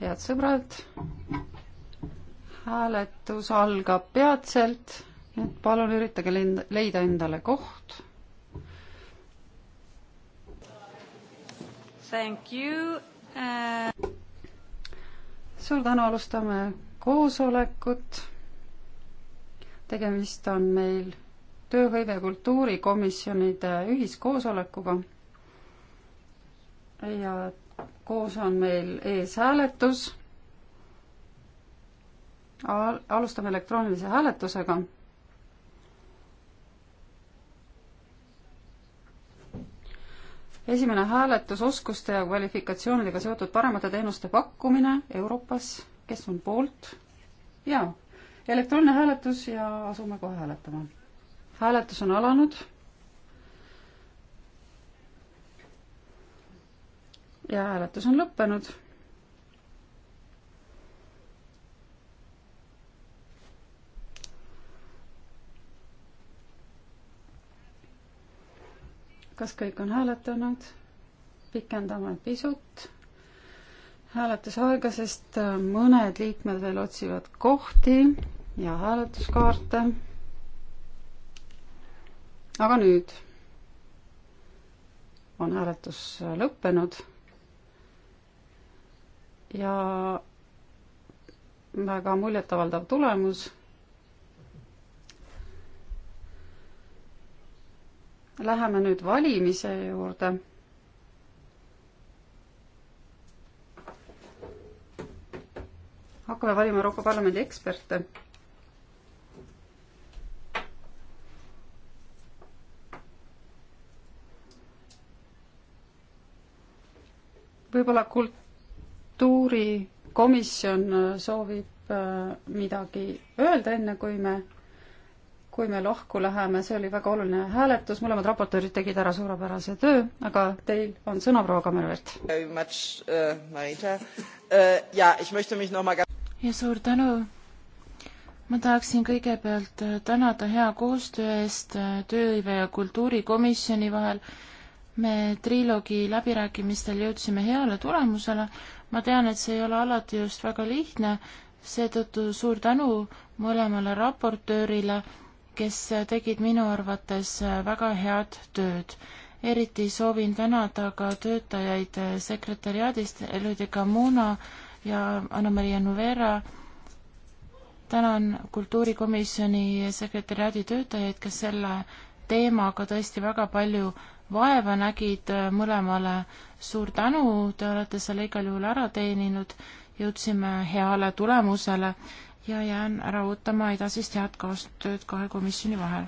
head sõbrad, hääletus algab peatselt, nii et palun üritage leida endale koht. Thank you uh... Äh.... suur tänu, alustame koosolekut. tegemist on meil tööhõive kultuurikomisjonide ühiskoosolekuga ja koos on meil ees hääletus Al. alustame elektroonilise hääletusega. esimene hääletus oskuste ja kvalifikatsioonidega seotud paremate teenuste pakkumine Euroopas, kes on poolt? jaa, elektrooniline hääletus ja asume kohe hääletama. hääletus on alanud ja hääletus on lõppenud. kas kõik on hääletanud? pikendame pisut hääletusaega, sest äh, mõned liikmed veel otsivad kohti ja hääletuskaarte. aga nüüd on hääletus äh, lõppenud ja väga muljetavaldav tulemus. Läheme nüüd valimise juurde hakkame valima Euroopa Parlamendi eksperte. võib-olla kult-, kultuurikomisjon äh, soovib äh, midagi öelda, enne kui me, kui me lahku läheme, see oli väga oluline hääletus, mõlemad raportöörid tegid ära suurepärase töö, aga teil on sõna, proua Kammervert. Äh, ja suur tänu. ma tahaksin kõigepealt tänada hea koostöö eest tööhõive ja kultuurikomisjoni vahel me triloogi läbirääkimistel jõudsime heale tulemusele, ma tean, et see ei ole alati just väga lihtne, seetõttu suur tänu mõlemale raportöörile, kes tegid minu arvates väga head tööd. eriti soovin tänada ka töötajaid sekretäriaadist, Eludika Muuna ja Anna-Maria Nuvera. tänan kultuurikomisjoni sekretäriaadi töötajaid, kes selle teemaga tõesti väga palju vaeva nägid, äh, mõlemale suur tänu, te olete selle igal juhul ära teeninud, jõudsime heale tulemusele ja jään ära ootama edasist head kaastööd kahe komisjoni vahel.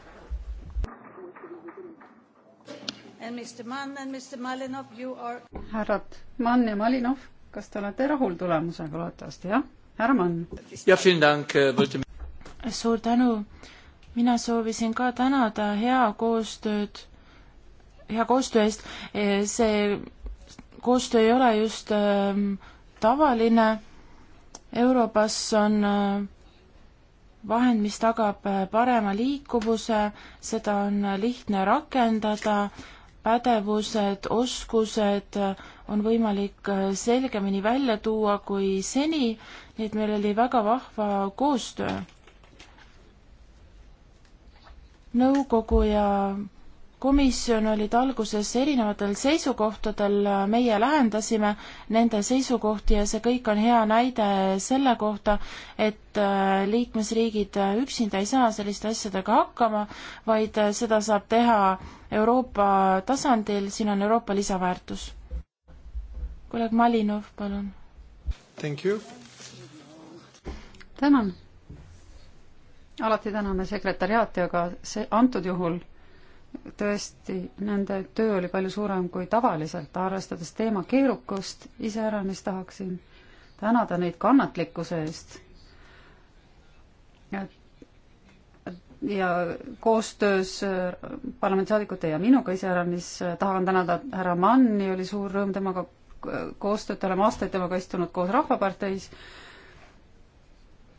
härrad Mann ja Malinov, kas te olete rahul tulemusega loodetavasti, jah? härra Mann. Äh, suur tänu mina soovisin ka tänada hea koostööd, hea koostöö eest, e, see koostöö ei ole just äh, tavaline, Europass on äh, vahend, mis tagab äh, parema liikuvuse, seda on äh, lihtne rakendada, pädevused, oskused äh, on võimalik selgemini välja tuua kui seni, nii et meil oli väga vahva koostöö nõukogu ja komisjon olid alguses erinevatel seisukohtadel, meie lähendasime nende seisukohti ja see kõik on hea näide selle kohta, et äh, liikmesriigid üksinda ei saa selliste asjadega hakkama, vaid äh, seda saab teha Euroopa tasandil, siin on Euroopa lisaväärtus. kolleeg Malinov, palun. tänan alati täname sekretäriaati, aga see, antud juhul tõesti, nende töö oli palju suurem kui tavaliselt, arvestades teema keerukust, iseäranis tahaksin tänada neid kannatlikkuse eest. ja koostöös äh, parlamendisaadikute ja minuga iseäranis äh, tahan tänada härra Manni, oli suur rõõm temaga äh, koostööd, oleme aastaid temaga istunud koos Rahvaparteis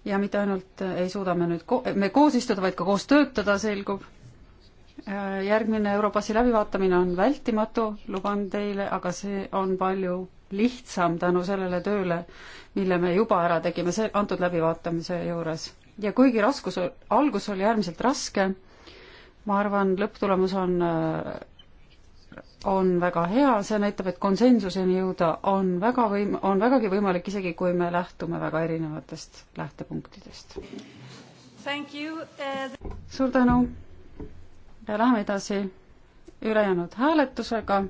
ja mitte ainult äh, ei suuda me nüüd ko-, me koos istuda, vaid ka koos töötada, selgub. Äh, järgmine Europassi läbivaatamine on vältimatu, luban teile, aga see on palju lihtsam tänu sellele tööle, mille me juba ära tegime see, antud läbivaatamise juures. ja kuigi raskus, algus oli äärmiselt raske, ma arvan, lõpptulemus on äh, on väga hea, see näitab, et konsensuseni jõuda on väga võim-, on vägagi võimalik, isegi kui me lähtume väga erinevatest lähtepunktidest. Eh, suur tänu ja läheme edasi ülejäänud hääletusega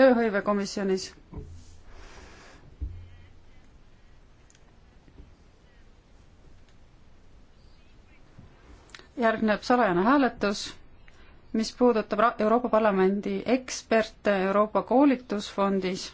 tööhõivekomisjonis. järgneb salajane hääletus mis puudutab Euroopa Parlamendi eksperte Euroopa koolitusfondis